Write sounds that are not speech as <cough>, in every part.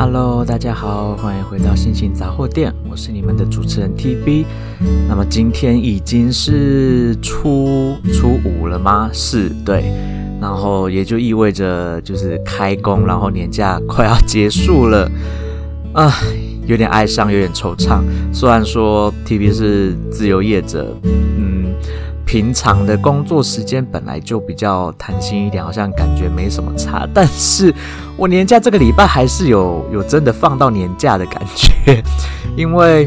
Hello，大家好，歡迎回到星星雜貨店，我是你們的主持人 T B。那麼今天已經是初初五了嗎？是，對，然後也就意味着就是開工，然後年假快要結束了，啊、呃、有點哀傷，有點惆悵。雖然說 T B 是自由業者，嗯。平常的工作時間本來就比較彈性一點，好像感覺沒什麼差。但是我年假這個禮拜還是有有真的放到年假的感覺，因為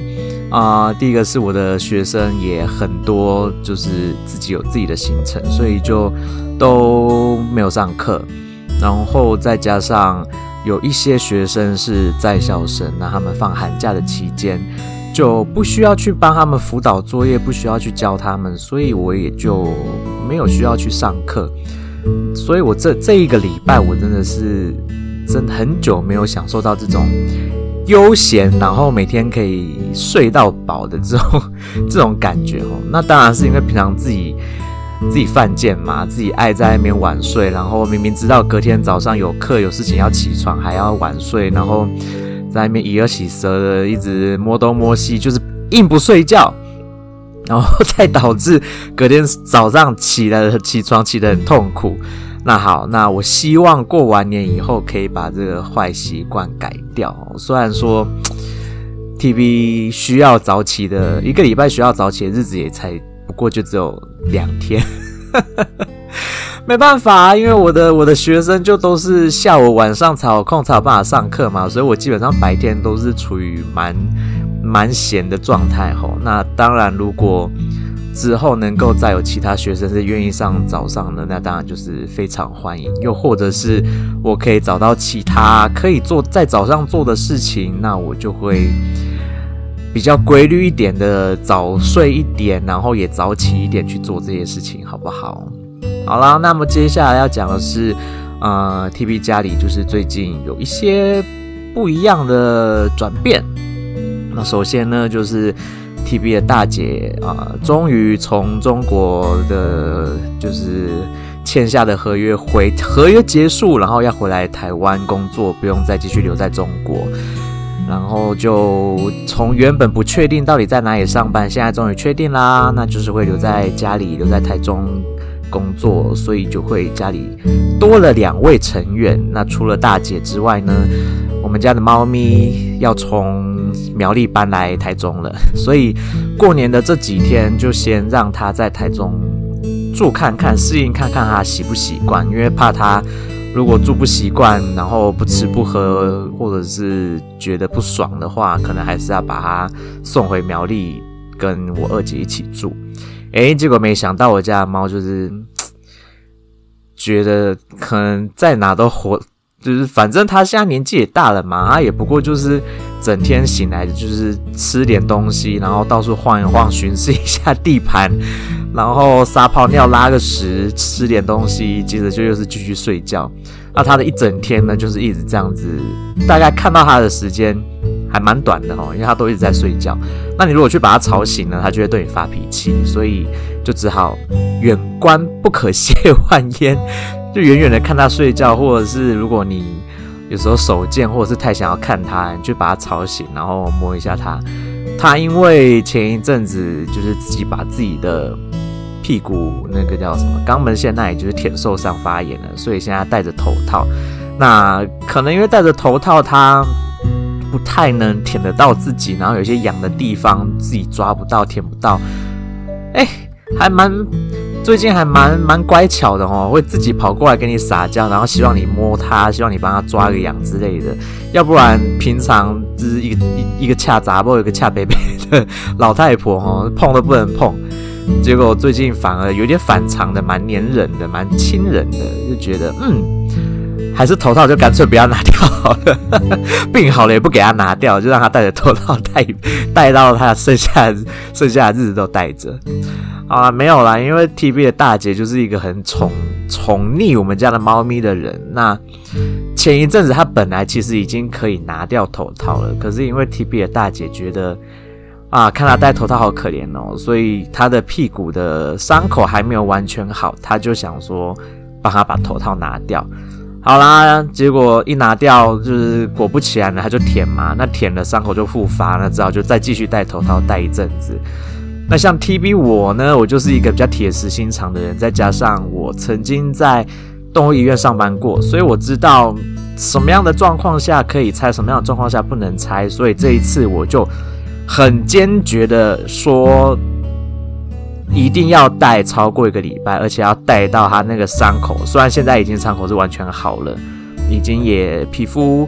啊、呃，第一個是我的學生也很多，就是自己有自己的行程，所以就都沒有上課。然後再加上有一些學生是在校生，那他們放寒假的期間。就不需要去幫他們輔導作業，不需要去教他們，所以我也就沒有需要去上課。所以我這這一個禮拜，我真的是真的很久沒有享受到這種悠閒，然後每天可以睡到飽的這種這種感覺哦。那當然是因為平常自己自己犯賤嘛，自己愛在那邊晚睡，然後明明知道隔天早上有課、有事情要起床，還要晚睡，然後。在那邊一夜起蛇的，一直摸東摸西，就是硬不睡覺，然後再導致隔天早上起來起床起得很痛苦。那好，那我希望過完年以後可以把這個壞習慣改掉。雖然說 TV 需要早起的一個禮拜，需要早起的日子也才不過就只有兩天。 <laughs> 沒辦法啊，因為我的我的學生就都是下午晚上才有空才有辦法上課嘛，所以我基本上白天都是處於蠻蠻閒的狀態吼哦。那當然，如果之後能夠再有其他學生是願意上早上的，那當然就是非常歡迎。又或者是我可以找到其他可以做在早上做的事情，那我就會比較規律一點的早睡一點，然後也早起一點去做這些事情，好不好？好啦，那麼接下來要講的是，呃，TB 家裡就是最近有一些不一樣的轉變。那首先呢，就是 TB 的大姐啊，呃，終於從中國的就是簽下的合約回合約結束，然後要回來台灣工作，不用再繼續留在中國。然後就從原本不確定到底在哪裡上班，現在終於確定啦，那就是會留在家裡，留在台中，工作，所以就會家裡多了兩位成員。那除了大姐之外呢，我們家的貓咪要從苗栗搬來台中了。所以過年的這幾天，就先讓它在台中住看看，適應看看它習不習慣。因為怕它如果住不習慣，然後不吃不喝，或者是覺得不爽的話，可能還是要把它送回苗栗，跟我二姐一起住。誒、欸，結果沒想到，我家的貓就是覺得可能在哪都活，就是反正它現在年紀也大了嘛，它也不過就是整天醒來就是吃點東西，然後到處晃一晃，巡視一下地盤，然後撒泡尿拉個屎，吃點東西，接着就又是繼續睡覺。那它的一整天呢，就是一直這樣子，大概看到它的時間。還蠻短的哦，因為他都一直在睡覺。那你如果去把他吵醒呢，他就會對你發脾氣，所以就只好遠觀不可褻玩焉，就遠遠的看他睡覺，或者是如果你有時候手賤，或者是太想要看他，你去把他吵醒，然後摸一下他。他因為前一陣子就是自己把自己的屁股那個叫什麼，肛門腺那裡就是舔受傷發炎了，所以現在戴着頭套。那可能因為戴着頭套，他。不太能舔得到自己，然後有些癢的地方自己抓不到、舔不到。哎、欸，還蠻最近還蠻蠻乖巧的哦，會自己跑過來跟你撒嬌，然後希望你摸它，希望你幫它抓個癢之類的。要不然平常就是一個一，一，一個恰查某，有個恰北北的老太婆哦，碰都不能碰。結果最近反而有點反常的，蠻黏人的，蠻親人的，就覺得嗯。還是頭套就乾脆不要拿掉好了。 <laughs> 病好了也不給他拿掉，就讓他戴着頭套戴，戴到他剩下的剩下的日子都戴着。啊，沒有啦，因為 TB 的大姐就是一個很寵寵溺我們家的貓咪的人。那前一陣子他本來其實已經可以拿掉頭套了，可是因為 TB 的大姐覺得啊，看他戴頭套好可憐哦，所以他的屁股的傷口還沒有完全好，他就想說，幫他把頭套拿掉。好啦，結果一拿掉，就是果不其然的，他就舔嘛。那舔了傷口就復發，那只好就再繼續戴頭套戴一陣子。那像 TB 我呢，我就是一個比較鐵石心腸的人，再加上我曾經在動物醫院上班過，所以我知道什麼樣的狀況下可以拆，什麼樣的狀況下不能拆。所以這一次我就很堅決的說。一定要戴超過一個禮拜，而且要戴到它那個傷口。雖然現在已經傷口是完全好了，已經也皮膚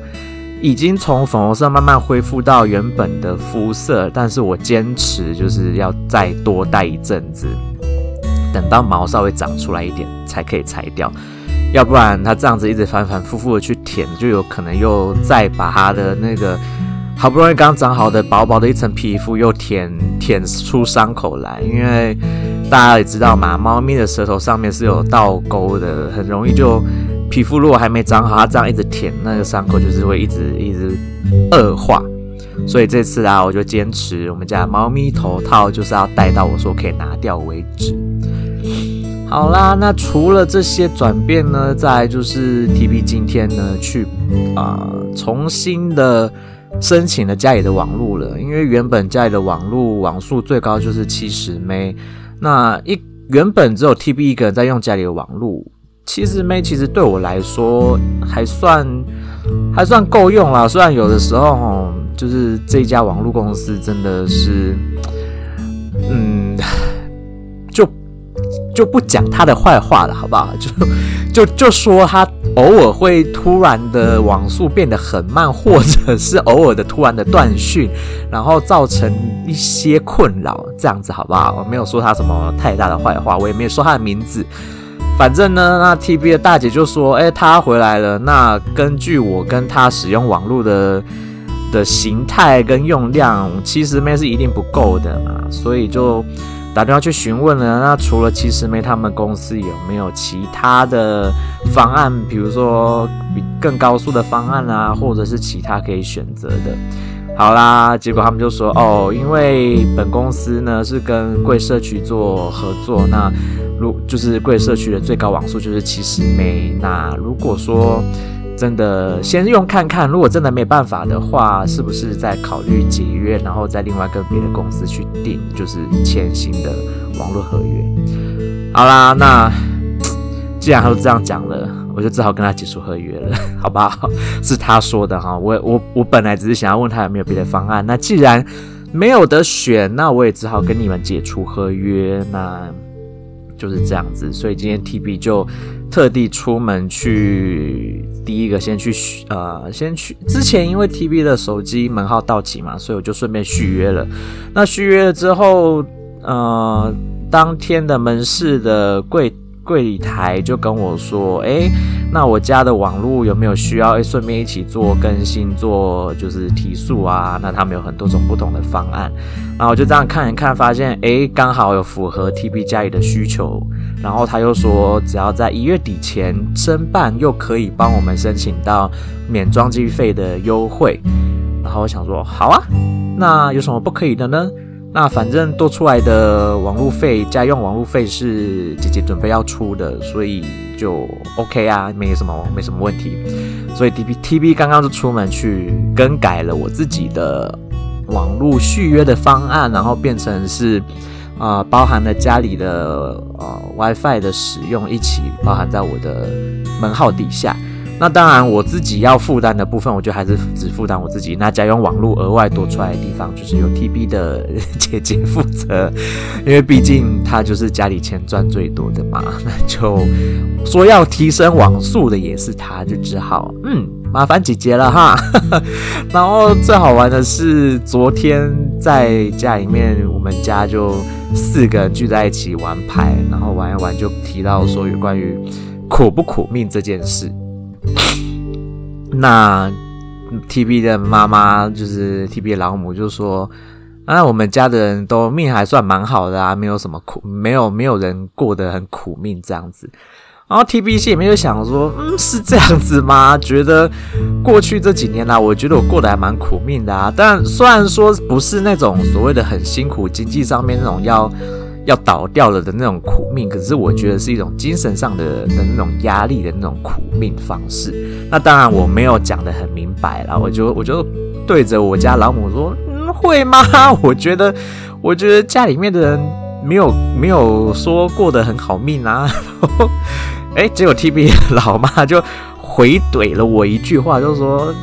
已經從粉紅色慢慢恢復到原本的膚色，但是我堅持就是要再多戴一陣子，等到毛稍微長出來一點才可以拆掉。要不然它這樣子一直反反复复的去舔，就有可能又再把它的那個。好不容易剛長好的薄薄的一層皮膚，又舔舔出傷口來，因為大家也知道嘛，貓咪的舌頭上面是有倒鈎的，很容易就皮膚如果還沒長好，它這樣一直舔，那個傷口就是會一直一直惡化。所以這次啊，我就堅持我們家貓咪頭套就是要戴到我說可以拿掉為止。好啦，那除了這些轉變呢，再來就是 T B 今天呢去啊、呃、重新的。申請了家裡的網絡了，因為原本家裡的網絡網速最高就是七十 M，那一原本只有 TB 一個人在用家裡的網絡，七十 M 其實對我來說還算還算夠用啦，雖然有的時候吼就是這一家網絡公司真的是，嗯，就就不講他的壞話了，好不好？就就就說他。偶爾會突然的網速變得很慢，或者是偶爾的突然的斷訊，然後造成一些困擾，這樣子好不好？我沒有說他什麼太大的壞話，我也沒有說他的名字。反正呢，那 T B 的大姐就說：“哎、欸，他回來了。”那根據我跟他使用網絡的的形態跟用量，七十 Mbps 一定不夠的嘛，所以就。打電話去詢問了，那除了 70M，他們公司有沒有其他的方案？比如說比更高速的方案啊，或者是其他可以選擇的？好啦，結果他們就說哦，因為本公司呢是跟貴社區做合作，那如就是貴社區的最高網速就是 70M，那如果說。真的先用看看，如果真的沒辦法的話，是不是再考慮解約，然後再另外跟別的公司去定？就是簽新的網絡合約？好啦，那既然他都這樣講了，我就只好跟他解除合約了，好不好？是他說的哈。我我我本來只是想要問他有沒有別的方案，那既然沒有得選，那我也只好跟你們解除合約，那就是這樣子。所以今天 TB 就特地出門去，第一個先去續，呃，先去，之前因為 T B 的手機門號到期嘛，所以我就順便續約了。那續約了之後，呃，當天的門市的櫃櫃台就跟我說，哎、欸，那我家的網絡有沒有需要，哎、欸，順便一起做更新，做就是提速啊。那他們有很多種不同的方案，然後我就這樣看一看，發現，哎、欸，剛好有符合 T B 家裡的需求。然後他又說，只要在一月底前申辦，又可以幫我們申請到免裝機費的優惠。然後我想說，好啊，那有什麼不可以的呢？那反正多出來的網絡費，家用網絡費是姐姐準備要出的，所以就 OK 啊，沒什麼，沒什麼問題。所以 TBTB 剛剛就出門去更改了我自己的網絡續約的方案，然後變成是。啊、呃，包含了家裡的呃 WiFi 的使用，一起包含在我的門號底下。那當然，我自己要負擔的部分，我就還是只負擔我自己。那家用網絡額外多出來的地方，就是由 TB 的姐姐負責，因為畢竟她就是家裡錢賺最多的嘛。那就說要提升網速的，也是她，就只好嗯，麻煩姐姐了哈。 <laughs> 然後最好玩的是昨天。在家裡面，我們家就四個人聚在一起玩牌，然後玩一玩就提到說有關於苦不苦命這件事。 <laughs> 那 T B 的媽媽就是 T B 的老母就說：“啊，我們家的人都命還算蠻好的啊，沒有什麼苦，沒有沒有人過得很苦命這樣子。”然後 TBC 裡面就想說，嗯，是這樣子嗎？覺得過去這幾年來啊，我覺得我過得還蠻苦命的啊。但雖然說不是那種所謂的很辛苦，經濟上面那種要要倒掉了的那種苦命，可是我覺得是一種精神上的的那種壓力的那種苦命方式。那當然我沒有講得很明白啦，我就我就對着我家老母說，嗯，會嗎？我覺得我覺得家裡面的人沒有沒有說過得很好命啊。呵呵哎、欸，結果 TB 老媽就回懟了我一句話，就說：“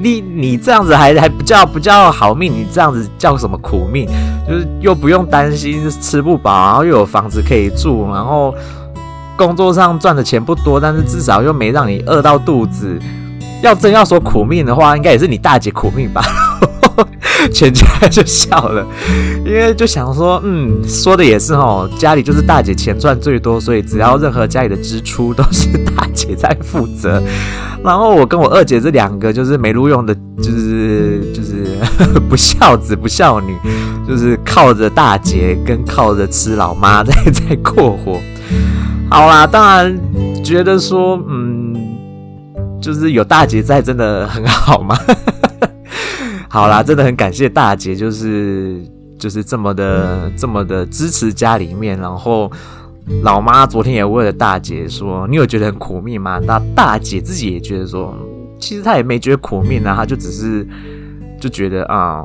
你你這樣子還還不叫不叫好命，你這樣子叫什麼苦命？就是又不用擔心吃不飽，然後又有房子可以住，然後工作上賺的錢不多，但是至少又沒讓你餓到肚子。要真要說苦命的話，應該也是你大姐苦命吧。 <laughs> ”全家就笑了，因為就想說，嗯，說的也是哦，家裡就是大姐錢賺最多，所以只要任何家裡的支出都是大姐在負責。然後我跟我二姐這兩個就是沒路用的，就是，就是就是不孝子不孝女，就是靠着大姐跟靠着吃老媽在在過活。好啦，當然覺得說，嗯，就是有大姐在真的很好嘛。好啦，真的很感謝大姐，就是就是這麼的這麼的支持家裡面。然後老媽昨天也問了大姐說，你有覺得很苦命嗎？那大姐自己也覺得說，其實她也沒覺得苦命啊，她就只是就覺得啊、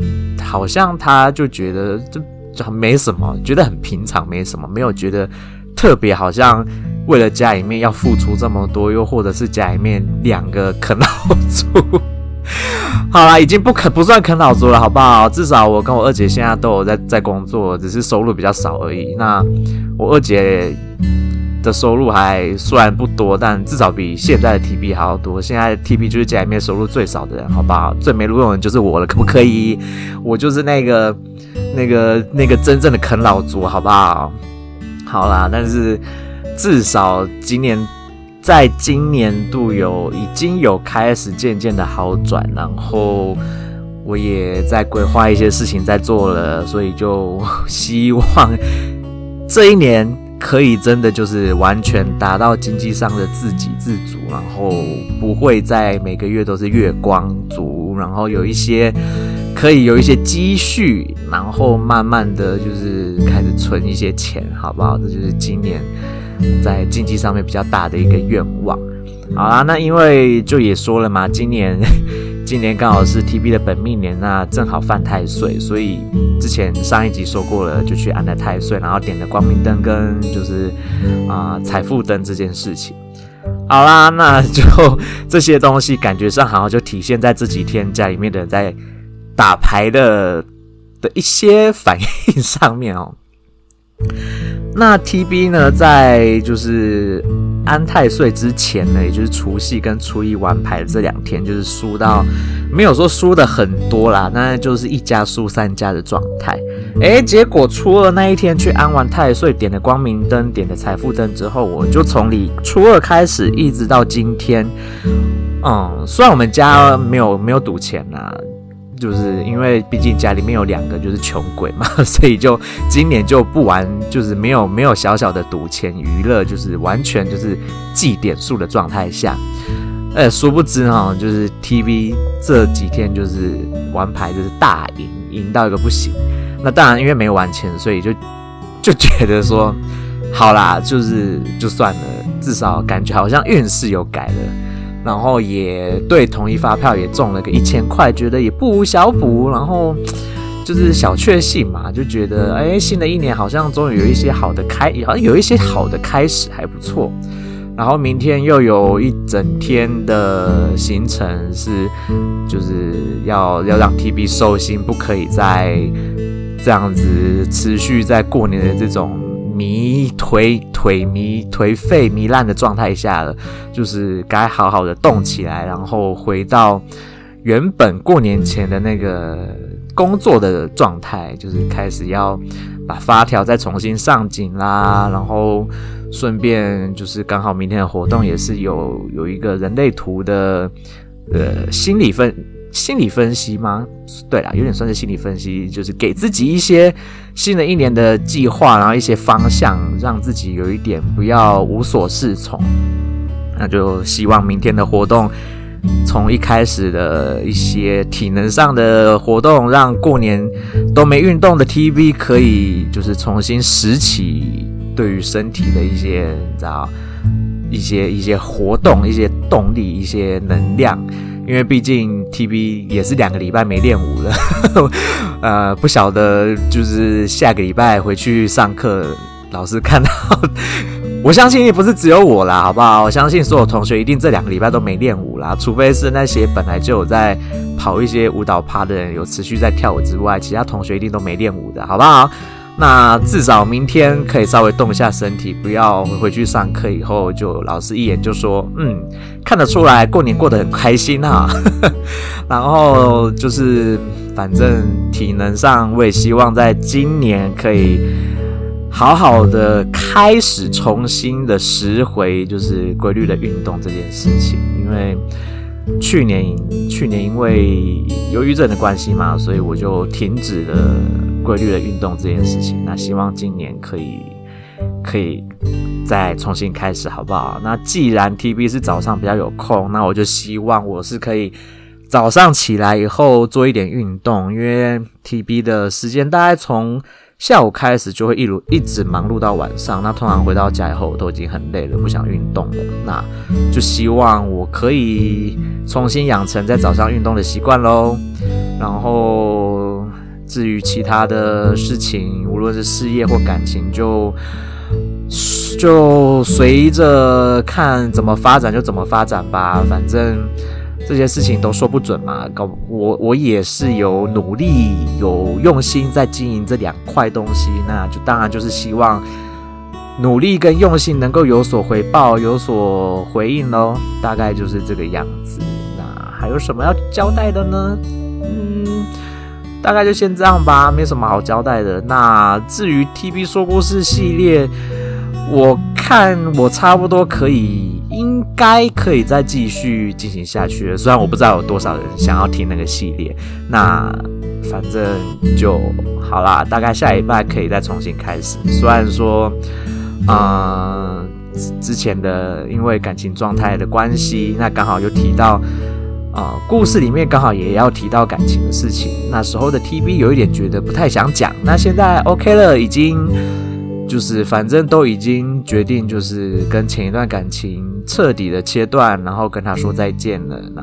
嗯，好像她就覺得就就沒什麼，覺得很平常，沒什麼，沒有覺得特別，好像為了家裡面要付出這麼多，又或者是家裡面兩個啃老族。好啦，已經不可不算啃老族了，好不好？至少我跟我二姐現在都有在在工作，只是收入比較少而已。那我二姐的收入還雖然不多，但至少比現在的 TB 還要多。現在 TB 就是家裡面收入最少的人，好不好？最沒路用的人就是我了，可不可以？我就是那個那個那個真正的啃老族，好不好？好啦，但是至少今年，在今年度有已經有開始漸漸的好轉，然後我也在規劃一些事情在做了，所以就希望這一年可以真的就是完全達到經濟上的自給自足，然後不會再每個月都是月光族，然後有一些可以有一些積蓄，然後慢慢的就是開始存一些錢，好不好？這就是今年在經濟上面比較大的一個願望，好啦，那因為就也說了嘛，今年今年剛好是 TB 的本命年，那正好犯太歲，所以之前上一集說過了，就去安了太歲，然後點了光明燈跟就是啊財富燈這件事情。好啦，那就這些東西感覺上好像就體現在這幾天家裡面的人在打牌的的一些反應上面哦。那 T B 呢，在就是安太歲之前呢，也就是除夕跟初一玩牌的這兩天，就是輸到沒有說輸的很多啦，那就是一家輸三家的狀態。哎、欸，結果初二那一天去安完太歲，點了光明燈，點了財富燈之後，我就從你初二開始一直到今天，嗯，雖然我們家沒有沒有賭錢吶。就是因為畢竟家裡面有兩個就是窮鬼嘛，所以就今年就不玩，就是沒有沒有小小的賭錢娛樂，就是完全就是計點數的狀態下。呃，殊不知哈、哦，就是 TV 這幾天就是玩牌就是大贏，贏到一個不行。那當然因為沒有玩錢，所以就就覺得說好啦，就是就算了，至少感覺好像運勢有改了。然後也對統一發票也中了個一千塊，覺得也不無小補，然後就是小確幸嘛，就覺得哎，新的一年好像終於有一些好的開，好像有一些好的開始，還不錯。然後明天又有一整天的行程，是就是要要讓 TB 收心，不可以再這樣子持續在過年的這種。迷頹頹迷頹廢糜爛的狀態下了，就是該好好的動起來，然後回到原本過年前的那個工作的狀態，就是開始要把發條再重新上緊啦，然後順便就是剛好明天的活動也是有有一個人類圖的呃心理分。心理分析嗎？對了，有點算是心理分析，就是給自己一些新的一年的計劃，然後一些方向，讓自己有一點不要無所適從。那就希望明天的活動，從一開始的一些體能上的活動，讓過年都沒運動的 TV 可以就是重新拾起對於身體的一些，你知道，一些一些活動，一些動力，一些能量。因為畢竟 TV 也是兩個禮拜沒練舞了， <laughs> 呃，不曉得就是下個禮拜回去上課，老師看到， <laughs> 我相信也不是只有我啦，好不好？我相信所有同學一定這兩個禮拜都沒練舞啦，除非是那些本來就有在跑一些舞蹈趴的人有持續在跳舞之外，其他同學一定都沒練舞的，好不好？那至少明天可以稍微動一下身體，不要回去上課以後就老師一眼就說，嗯，看得出來過年過得很開心哈、啊。 <laughs> 然後就是反正體能上，我也希望在今年可以好好的開始重新的拾回，就是規律的運動這件事情，因為。去年，去年因為憂鬱症的關係嘛，所以我就停止了規律的運動這件事情。那希望今年可以可以再重新開始，好不好？那既然 T B 是早上比較有空，那我就希望我是可以早上起來以後做一點運動，因為 T B 的時間大概從。下午開始就會一路一直忙碌到晚上，那通常回到家以後我都已經很累了，不想運動了。那就希望我可以重新養成在早上運動的習慣嘍。然後至於其他的事情，無論是事業或感情就，就就隨着看怎麼發展就怎麼發展吧，反正。這些事情都說不準嘛，搞我我也是有努力，有用心在經營這兩塊東西，那就當然就是希望努力跟用心能夠有所回報，有所回應嘍，大概就是這個樣子。那還有什麼要交代的呢？嗯，大概就先這樣吧，沒什麼好交代的。那至於 TV 說故事系列，我看我差不多可以。該可以再繼續進行下去了，雖然我不知道有多少人想要聽那個系列，那反正就好啦。大概下禮拜可以再重新開始。雖然說，嗯、呃，之前的因為感情狀態的關係，那剛好又提到，啊、呃，故事裡面剛好也要提到感情的事情。那時候的 TV 有一點覺得不太想講，那現在 OK 了，已經。就是，反正都已經決定，就是跟前一段感情徹底的切斷，然後跟他說再見了。那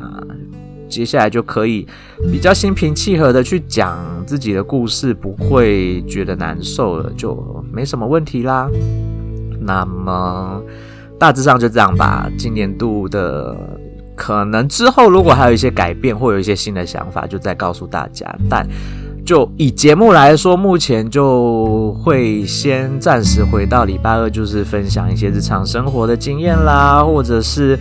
接下來就可以比較心平氣和的去講自己的故事，不會覺得難受了，就沒什麼問題啦。那麼大致上就這樣吧。今年度的可能之後，如果還有一些改變或有一些新的想法，就再告訴大家。但就以節目來說，目前就會先暫時回到禮拜二，就是分享一些日常生活的經驗啦，或者是。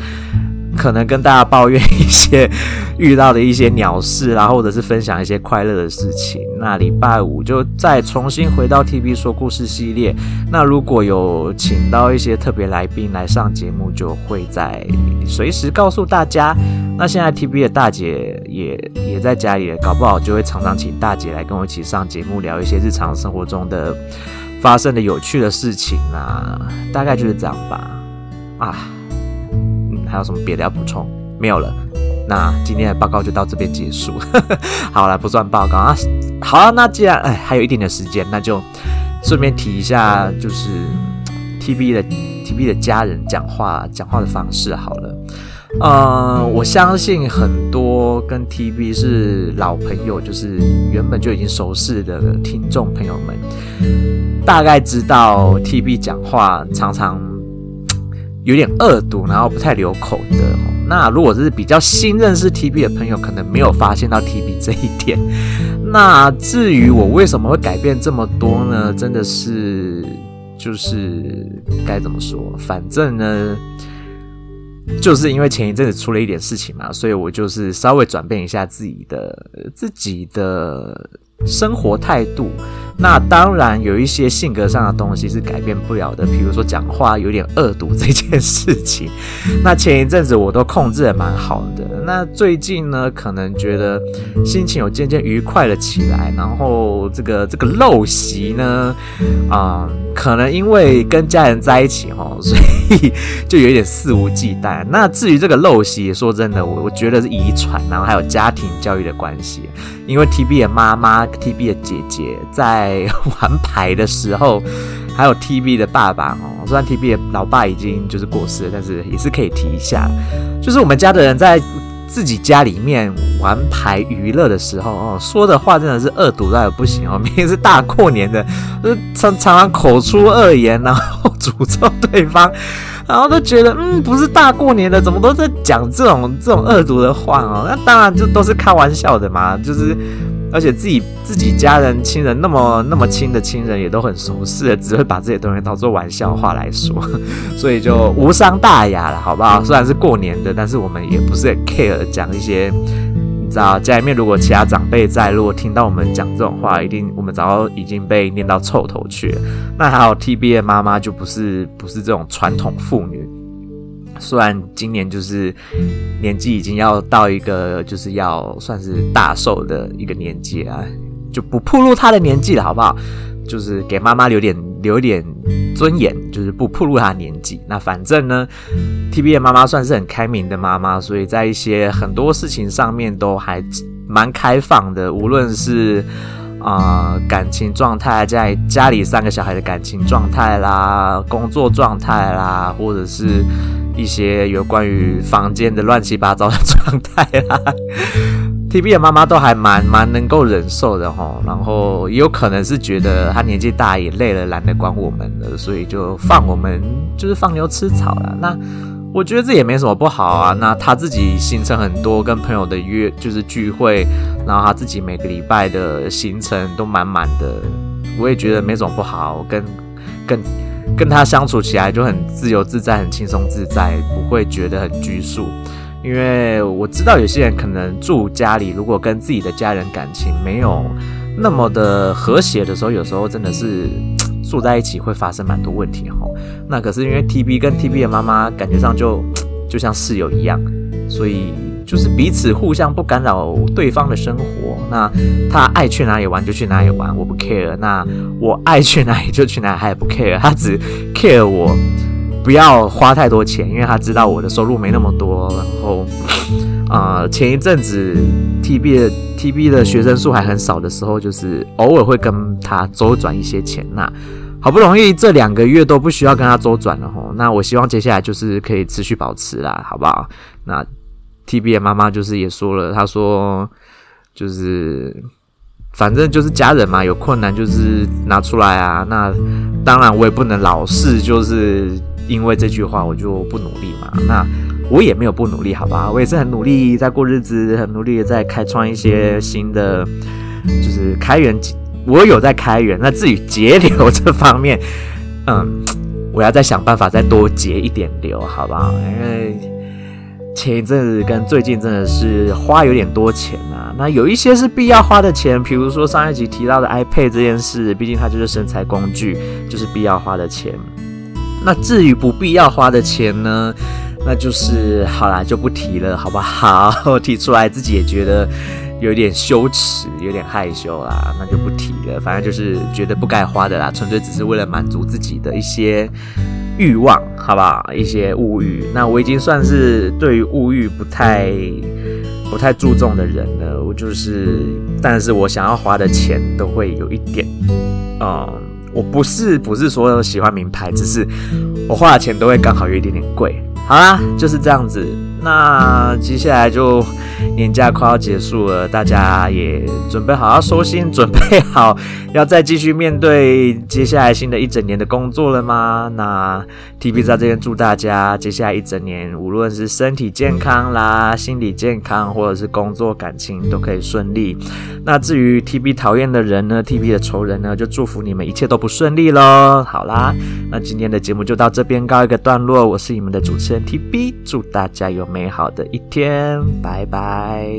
可能跟大家抱怨一些遇到的一些鳥事啦、啊，或者是分享一些快樂的事情。那禮拜五就再重新回到 TV 說故事系列。那如果有請到一些特別來賓來上節目，就會再隨時告訴大家。那現在 TV 的大姐也也在家裡，搞不好就會常常請大姐來跟我一起上節目，聊一些日常生活中的發生的有趣的事情啊。大概就是這樣吧，嗯。啊。還有什麼別的要補充？沒有了，那今天的報告就到這邊結束。 <laughs> 好了，不算報告啊。好啊，那既然哎還有一點點時間，那就順便提一下，就是 TV 的 TV 的家人講話講話的方式好了。呃，我相信很多跟 TV 是老朋友，就是原本就已經熟識的聽眾朋友們，大概知道 TV 講話常常。有點惡毒，然後不太留口德、喔。那如果是比較新認識 T B 的朋友，可能沒有發現到 T B 這一點。 <laughs> 那至於我為什麼會改變這麼多呢？真的是就是該怎麼說？反正呢，就是因為前一陣子出了一點事情嘛，所以我就是稍微轉變一下自己的自己的生活態度。那當然有一些性格上的東西是改變不了的，比如說講話有點惡毒這件事情。那前一陣子我都控制得蠻好的，那最近呢，可能覺得心情有漸漸愉快了起來，然後這個這個陋習呢，啊、嗯，可能因為跟家人在一起哈、哦，所以就有點肆無忌憚。那至於這個陋習，說真的，我我覺得是遺傳，然後還有家庭教育的關係。因為 T B 的媽媽、T B 的姐姐在玩牌的時候，還有 T B 的爸爸哦。雖然 T B 的老爸已經就是過世，但是也是可以提一下。就是我們家的人在自己家裡面玩牌娛樂的時候哦，說的話真的是惡毒到不行哦。明明是大過年的，常、就是、常常口出惡言，然後詛咒對方。然後都覺得，嗯，不是大過年的，怎麼都在講這種這種惡毒的話哦？那當然就都是開玩笑的嘛，就是而且自己自己家人、親人那麼那麼親的親人也都很熟悉，只會把這些東西當做玩笑話來說，所以就無傷大雅了，好不好？雖然是過年的，但是我們也不是很 care 講一些。家裡面如果其他長輩在，如果聽到我們講這種話，一定我們早已經被念到臭頭去了。那還有 T B 的媽媽就不是不是這種傳統婦女，雖然今年就是年紀已經要到一個就是要算是大壽的一個年紀啊，就不暴露她的年紀了，好不好？就是給媽媽留點。有點尊嚴，就是不暴露他年紀。那反正呢，TBM 媽媽算是很開明的媽媽，所以在一些很多事情上面都還蠻開放的，無論是啊、呃、感情狀態，在家裡三個小孩的感情狀態啦，工作狀態啦，或者是一些有關於房間的亂七八糟的狀態啦。TV 的媽媽都還蠻蠻能夠忍受的吼、哦，然後也有可能是覺得他年紀大也累了，懶得管我們了，所以就放我們就是放牛吃草了。那我覺得這也沒什麼不好啊。那他自己行程很多，跟朋友的約就是聚會，然後他自己每個禮拜的行程都滿滿的，我也覺得沒什麼不好。跟跟跟他相處起來就很自由自在，很輕鬆自在，不會覺得很拘束。因為我知道有些人可能住家裡，如果跟自己的家人感情沒有那麼的和諧的時候，有時候真的是住在一起會發生蠻多問題齁。那可是因為 TB 跟 TB 的媽媽感覺上就就像室友一樣，所以就是彼此互相不干擾對方的生活。那他愛去哪裡玩就去哪裡玩，我不 care。那我愛去哪裡就去哪裡，他也不 care。他只 care 我。不要花太多錢，因為他知道我的收入沒那麼多。然後， <laughs> 呃，前一陣子 T B 的 T B 的學生數還很少的時候，就是偶爾會跟他周轉一些錢。那好不容易這兩個月都不需要跟他周轉了，吼，那我希望接下來就是可以持續保持啦，好不好？那 T B 的媽媽就是也說了，她說就是反正就是家人嘛，有困難就是拿出來啊。那當然我也不能老是就是。因為這句話我就不努力嘛，那我也沒有不努力，好吧，我也是很努力在過日子，很努力在開創一些新的，就是開源，我有在開源。那至於節流這方面，嗯，我要再想辦法再多節一點流，好不好？因為前一陣子跟最近真的是花有點多錢啊。那有一些是必要花的錢，比如說上一集提到的 iPad 這件事，畢竟它就是生財工具，就是必要花的錢。那至於不必要花的錢呢，那就是好啦，就不提了，好不好？ <laughs> 我提出來自己也覺得有點羞恥，有點害羞啦，那就不提了。反正就是覺得不該花的啦，純粹只是為了滿足自己的一些慾望，好不好？一些物慾。那我已經算是對於物慾不太不太注重的人了。我就是，但是我想要花的錢都會有一點，嗯。我不是不是說喜歡名牌，只是我花的錢都會剛好有一點點貴。好啦，就是這樣子。那接下來就年假快要結束了，大家也準備好要收心，準備好要再繼續面對接下來新的一整年的工作了嗎？那 TB 在這邊祝大家接下來一整年，無論是身體健康啦、心理健康，或者是工作感情都可以順利。那至於 TB 討厭的人呢，TB 的仇人呢，就祝福你們一切都不順利嘍。好啦，那今天的節目就到這邊告一個段落，我是你們的主持人。T B，祝大家有美好的一天，拜拜。